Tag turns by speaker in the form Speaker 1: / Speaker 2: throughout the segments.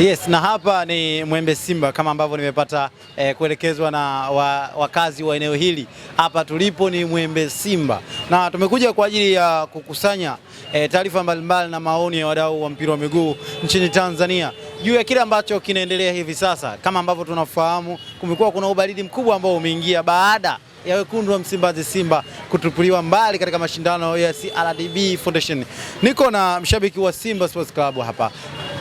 Speaker 1: Yes, na hapa ni Mwembe Simba kama ambavyo nimepata eh, kuelekezwa na wa, wakazi wa eneo hili. Hapa tulipo ni Mwembe Simba na tumekuja kwa ajili ya kukusanya eh, taarifa mbalimbali na maoni ya wadau wa mpira wa miguu nchini Tanzania juu ya kile ambacho kinaendelea hivi sasa. Kama ambavyo tunafahamu, kumekuwa kuna ubaridi mkubwa ambao umeingia baada ya wekundu wa Msimbazi Simba kutupuliwa mbali katika mashindano ya CRDB Foundation. Niko na mshabiki wa Simba Sports Club hapa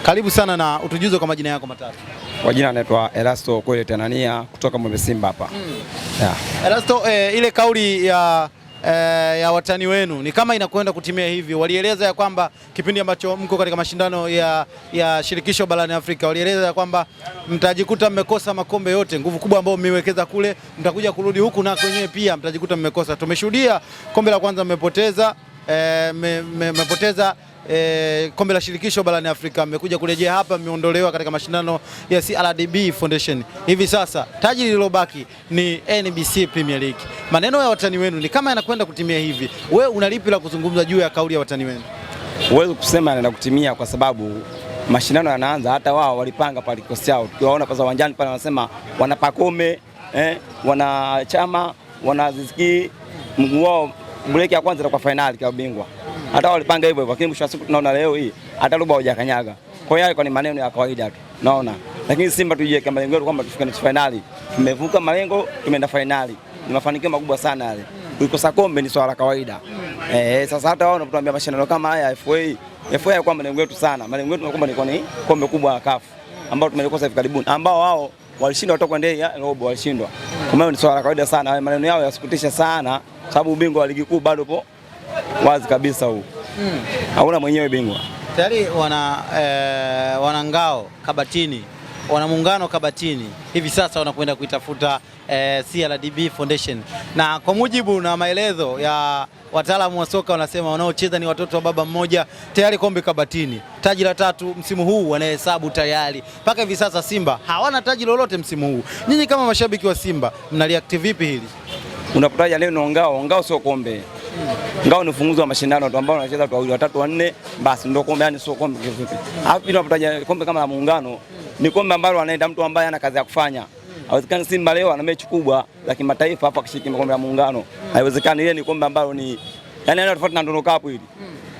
Speaker 1: karibu sana na utujuze kwa majina yako matatu.
Speaker 2: Kwa jina anaitwa Erasto Kwele Tanania kutoka Mwembe Simba hapa. Mm.
Speaker 1: Yeah. Erasto, eh, ile kauli ya eh, ya watani wenu ni kama inakwenda kutimia hivi. Walieleza ya kwamba kipindi ambacho mko katika mashindano ya, ya shirikisho barani Afrika walieleza ya kwamba mtajikuta mmekosa makombe yote, nguvu kubwa ambayo mmewekeza kule, mtakuja kurudi huku na kwenyewe pia mtajikuta mmekosa. Tumeshuhudia kombe la kwanza mmepoteza, eh, mmepoteza me, e, kombe la shirikisho barani Afrika, mmekuja kurejea hapa, mmeondolewa katika mashindano ya CRDB Foundation. Hivi sasa taji lililobaki ni NBC Premier League. Maneno ya watani wenu ni kama yanakwenda kutimia hivi, we unalipi la kuzungumza juu ya kauli ya watani wenu?
Speaker 2: Huwezi kusema anaenda kutimia kwa sababu mashindano yanaanza, hata wao walipanga pale kikosi chao, tukiwaona pale uwanjani pale wanasema wana Pakome eh, wana Chama, wana Ziziki, mguu wao breki ya kwanza itakuwa fainali kwa bingwa hata walipanga hivyo hivyo, lakini mwisho wa siku tunaona leo hii hata robo haujakanyaga. Kwa hiyo yalikuwa ni maneno ya kawaida tu, naona lakini Simba tujiweke malengo yetu kwamba tufike nusu fainali. Tumevuka malengo, tumeenda fainali, ni mafanikio makubwa sana yale. Kuikosa kombe ni swala kawaida eh. Sasa hata wao wanatuambia mashindano kama haya FA FA yakuwa malengo yetu sana, malengo yetu kwamba ilikuwa ni kombe kubwa la kafu ambao tumelikosa hivi karibuni, ambao wao walishindwa toka ndani ya robo walishindwa. Kwa hiyo ni swala la kawaida sana, maneno yao yasikutisha sana, sababu ubingwa wa ligi kuu bado po wazi kabisa huu mm. hauna mwenyewe bingwa
Speaker 1: tayari wana, eh, wana ngao kabatini wana muungano kabatini hivi sasa wanakwenda kuitafuta eh, CRDB Foundation, na kwa mujibu na maelezo ya wataalamu wa soka wanasema wanaocheza ni watoto wa baba mmoja. Tayari kombe kabatini, taji la tatu msimu huu wanahesabu tayari. Mpaka hivi sasa Simba hawana taji lolote msimu huu. Nyinyi kama mashabiki wa Simba mnaliakti vipi hili?
Speaker 2: Unapotaja leo ngao, ngao sio kombe ngao ni ufunguzi wa mashindano tu ambao wanacheza watu wawili watatu wanne, basi ndio kombe, yani sio kombe kifupi. Alafu pili unapotaja kombe kama la Muungano, ni kombe ambalo anaenda mtu ambaye ana kazi ya kufanya. Haiwezekani Simba leo ana mechi kubwa za kimataifa hapo akishiriki kombe la Muungano, haiwezekani. Ile ni kombe ambalo ni yani ana tofauti na Ndono Cup hili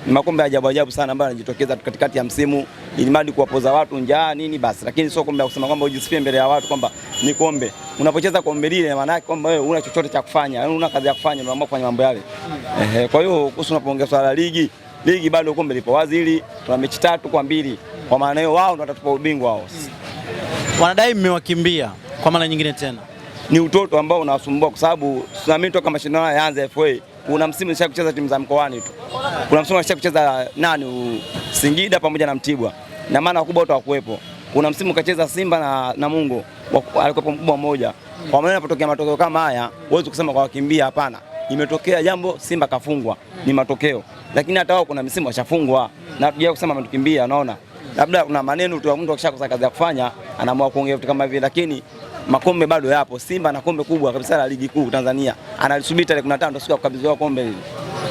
Speaker 2: ni makombe ajabu ajabu sana ambayo yanajitokeza katikati ya msimu ili mradi kuwapoza watu njaa nini basi, lakini sio kombe ya kusema kwamba ujisifie mbele ya watu kwamba ni kombe unapocheza kombe lile, maana yake kwamba wewe una chochote cha kufanya, yaani una kazi ya kufanya, unaamua kufanya mambo yale. Ehe, kwa hiyo kuhusu unapoongea swala la ligi, ligi bado kombe lipo wazi, hili tuna mechi tatu kwa mbili. Kwa maana hiyo wao ndio watatupa ubingwa wao.
Speaker 1: Wanadai mmewakimbia kwa mara nyingine tena,
Speaker 2: ni utoto ambao unawasumbua kwa sababu tunaamini toka mashindano ya Yanga FA kuna msimu nisha kucheza timu za mkoani tu, kuna msimu nisha kucheza nani Singida pamoja na Mtibwa, na maana wakubwa wote hawakuwepo. Kuna msimu kacheza Simba na Namungo, alikuwa mkubwa mmoja. Kwa maana inapotokea matokeo kama haya, huwezi kusema kwa wakimbia, hapana. Imetokea jambo, Simba kafungwa, ni matokeo, lakini hata wao kuna misimu washafungwa na tujaje kusema ametukimbia. Unaona, labda kuna maneno tu, mtu akishakosa kazi ya kufanya anaamua kuongea vitu kama hivi, lakini makombe bado yapo. Simba na kombe kubwa kabisa la ligi kuu Tanzania, analisubiri tarehe 15 siku ya kukabidhiwa kombe hili.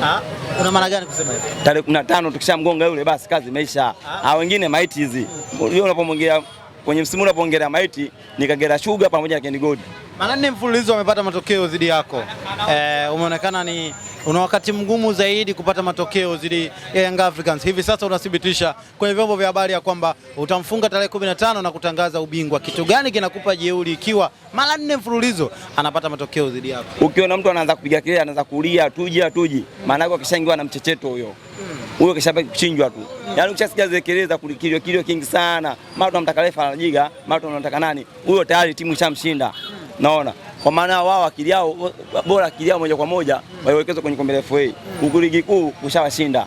Speaker 1: Ah? Una maana gani kusema hivyo?
Speaker 2: Tarehe 15 tukishamgonga yule basi kazi imeisha. Ah, wengine maiti hizi. Unajua unapomwongea kwenye msimu unapoongelea maiti ni Kagera Sugar pamoja na Gold.
Speaker 1: Mara nne mfululizo wamepata matokeo dhidi yako. Eh, umeonekana ni una wakati mgumu zaidi kupata matokeo zidi ya Young Africans. Hivi sasa unathibitisha kwenye vyombo vya habari ya kwamba utamfunga tarehe 15 na kutangaza ubingwa. Kitu gani kinakupa jeuri ikiwa mara nne mfululizo anapata matokeo zidi yako?
Speaker 2: Ukiona mtu anaanza kupiga kelele, anaanza kulia tuji atuji, maana yake akishaingiwa na mchecheto huyo hmm. huyo kishabaki kuchinjwa tu, yaani ukishasikia zile kelele za kulikilio kilio kingi sana, mara tunamtaka refa anajiga, mara tunamtaka nani, huyo tayari timu ishamshinda. Hmm. Naona kwa maana wao akili yao bora, akili yao moja kwa moja waiwekeza kwenye kombe la FA huku ligi kuu kushawashinda.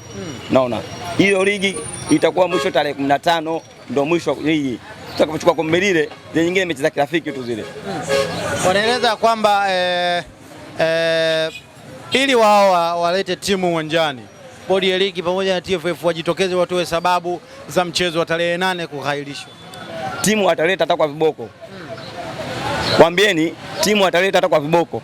Speaker 2: Naona hiyo ligi itakuwa mwisho tarehe 15 ndio mwisho ligi tutakapochukua kombe lile, zile nyingine mechi za kirafiki tu zile.
Speaker 1: Wanaeleza kwamba eh, eh, ili wao walete timu uwanjani bodi ya ligi pamoja na TFF wajitokeze watoe sababu za mchezo wa tarehe nane kuhairishwa.
Speaker 2: Timu ataleta hata kwa viboko Waambieni timu ataleta hata kwa viboko.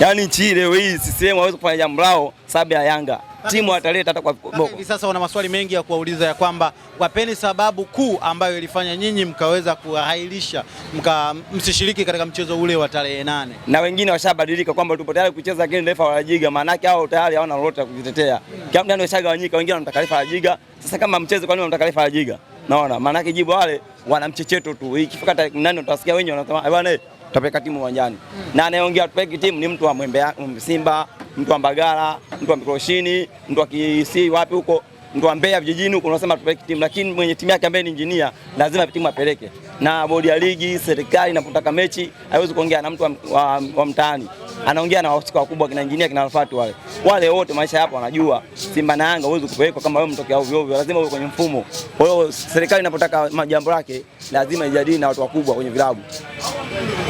Speaker 2: Yaani nchi hii leo hii CCM hawezi kufanya jambo lao sababu ya Yanga. Timu ataleta hata kwa viboko. Hivi
Speaker 1: sasa wana maswali mengi ya kuwauliza ya kwamba wapeni sababu kuu ambayo ilifanya nyinyi mkaweza kuahirisha mka, msishiriki katika mchezo ule wa tarehe nane,
Speaker 2: na wengine washabadilika kwamba tupo tayari kucheza, lakini refa Jiga, Maana yake hao tayari hawana lolote kujitetea, kiamdani washagawanyika, wengine wanamtaka refa Jiga. Sasa kama mchezo, kwa nini wanamtaka refa walajiga? naona maana yake jibu wale wana mchecheto tu, ikifika tarehe nane utasikia wenyewe wanasema bwana, tutapeleka timu uwanjani mm. na anayeongea tupeleke timu ni mtu wa Mwembe, um, Simba, mtu wa Mbagala, mtu wa Mikoshini, mtu wa Kisi wapi huko mtu wa Mbeya vijijini huko unasema tupeleke timu, lakini mwenye timu yake ambaye ni injinia lazima timu apeleke, na bodi ya ligi, serikali inapotaka mechi haiwezi kuongea na mtu wa, wa, wa mtaani anaongea na wahusika wakubwa kina injinia kina Alfatu wale wale wote, maisha yapo, wanajua Simba na Yanga huwezi kupelekwa kama wewe mtokea ovyo ovyo, lazima uwe kwenye mfumo. Kwa hiyo serikali inapotaka jambo lake lazima ijadili na watu wakubwa kwenye vilabu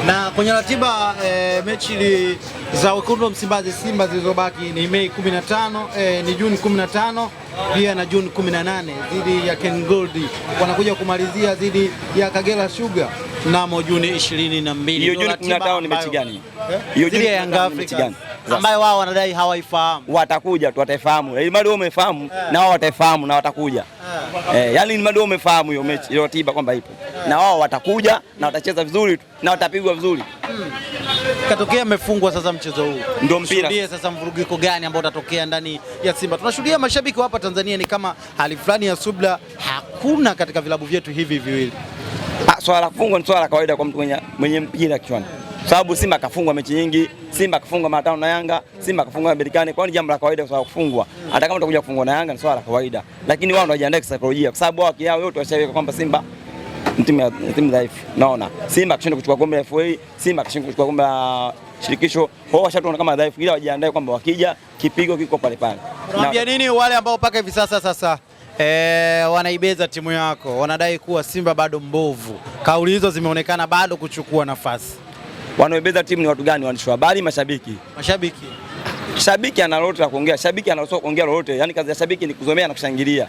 Speaker 1: na kwenye ratiba e, mechi za wekundu Msimbazi Simba zilizobaki ni Mei 15, e, eh, ni Juni 15 pia na Juni 18 dhidi ya Ken Gold, wanakuja kumalizia dhidi ya Kagera Sugar mnamo Juni 22. Hiyo
Speaker 2: Juni 15 ni mechi gani?
Speaker 1: Eh? Hiyo Juni ya Yanga Africa gani? ambayo wao wanadai hawaifahamu.
Speaker 2: Watakuja tu wataifahamu, ilimadi eh, wewe umefahamu eh. na wao wataifahamu na watakuja. Eh, yani ilimadi wewe umefahamu hiyo mechi hiyo tiba kwamba ipo na wao watakuja na watacheza vizuri tu na watapigwa vizuri. Hmm.
Speaker 1: Katokea amefungwa sasa mchezo huu. Ndio mpira. Shudia sasa mvurugiko gani ambao utatokea ndani ya Simba? Tunashuhudia mashabiki hapa Tanzania ni kama hali fulani ya subla hakuna katika vilabu vyetu hivi viwili
Speaker 2: swala la kufungwa ni swala la kawaida kwa mtu mwenye, mwenye mpira kichwani, sababu Simba kafungwa mechi nyingi. Simba kafungwa mara tano na Yanga, Simba kafungwa na Berkane, kwa hiyo ni jambo la kawaida swala kufungwa. Hata kama utakuja kufungwa na Yanga ni swala la kawaida, lakini wao ndio wajiandae kisaikolojia, kwa sababu wao kiao yote washaweka kwamba Simba timu ya timu dhaifu. Naona Simba kashindwa kuchukua kombe la FA, Simba kashindwa kuchukua kombe la shirikisho, wao washatuona kama dhaifu, ila wajiandae kwamba wakija kipigo kiko pale pale.
Speaker 1: Unawaambia nini wale ambao mpaka hivi sasa sasa E, wanaibeza timu yako, wanadai kuwa Simba bado mbovu. Kauli hizo zimeonekana bado kuchukua nafasi.
Speaker 2: Wanaibeza timu ni watu gani? Waandishi wa habari, mashabiki? Mashabiki, shabiki ana lolote la kuongea, shabiki anaruhusiwa kuongea lolote. Yani kazi ya shabiki ni kuzomea na kushangilia.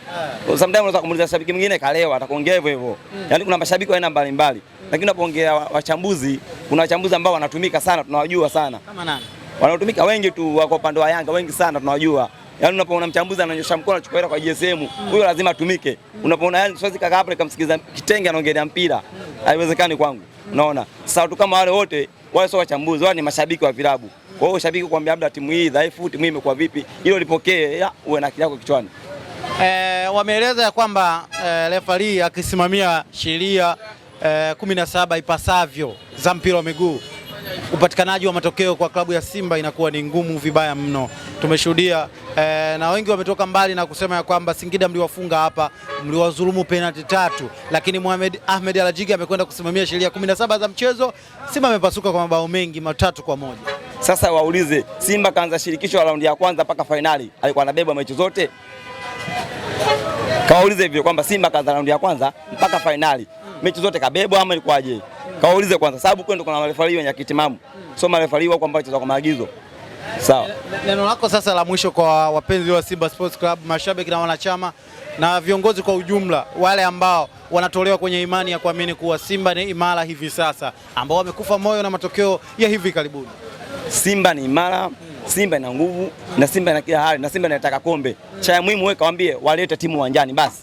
Speaker 2: Sometimes unaweza kumuuliza shabiki mwingine kalewa, atakuongea hivyo hivyo. Hmm. Yani kuna mashabiki wa aina mbalimbali, lakini unapoongea wachambuzi, kuna wachambuzi ambao wanatumika sana, tunawajua sana. Kama nani? Wanaotumika wengi tu, wako upande wa Yanga wengi sana, tunawajua Yaani unapoona mchambuzi ananyosha mkono anachukua hela kwa GSM, huyo lazima atumike. Unapoona yani siwezi kaka hapo nikamsikiza kitenge anaongelea mpira. Haiwezekani kwangu. Unaona? Sasa watu kama wale wote wale sio wachambuzi, wale ni mashabiki wa vilabu. Kwa hiyo shabiki kwambia labda timu hii dhaifu, timu hii imekuwa vipi, hilo lipokee, uwe na akili yako kichwani.
Speaker 1: Eh, wameeleza ya kwamba eh, refari akisimamia sheria eh, kumi na saba ipasavyo za mpira wa miguu upatikanaji wa matokeo kwa klabu ya Simba inakuwa ni ngumu vibaya mno. Tumeshuhudia eh, na wengi wametoka mbali na kusema ya kwamba Singida mliwafunga hapa, mliwadhulumu penalti tatu, lakini Mohamed Ahmed Alajigi amekwenda kusimamia sheria 17 za mchezo. Simba amepasuka kwa mabao mengi, matatu kwa moja.
Speaker 2: Sasa waulize Simba kaanza shirikisho la raundi ya kwanza mpaka fainali, alikuwa anabeba mechi zote? Kawaulize hivyo kwamba Simba kaanza raundi ya kwanza mpaka fainali mechi zote kabebwa ama ilikuwaje? Kaulize kwanza sababu kwenda kuna marefari wenye kitimamu. Sio marefari wako ambao wanacheza kwa maagizo. Sawa.
Speaker 1: Neno lako sasa la mwisho kwa wapenzi wa Simba Sports Club, mashabiki na wanachama na viongozi kwa ujumla, wale ambao wanatolewa kwenye imani ya kuamini kuwa Simba ni imara hivi sasa, ambao wamekufa moyo na matokeo ya hivi karibuni.
Speaker 2: Simba ni imara, Simba ina nguvu na Simba ina kila hali na Simba inataka kombe. Cha muhimu wewe kawaambie walete timu uwanjani basi.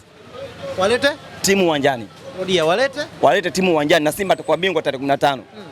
Speaker 2: Walete timu uwanjani.
Speaker 1: Rudia, walete
Speaker 2: walete timu uwanjani na Simba atakuwa bingwa tarehe 15. Hmm.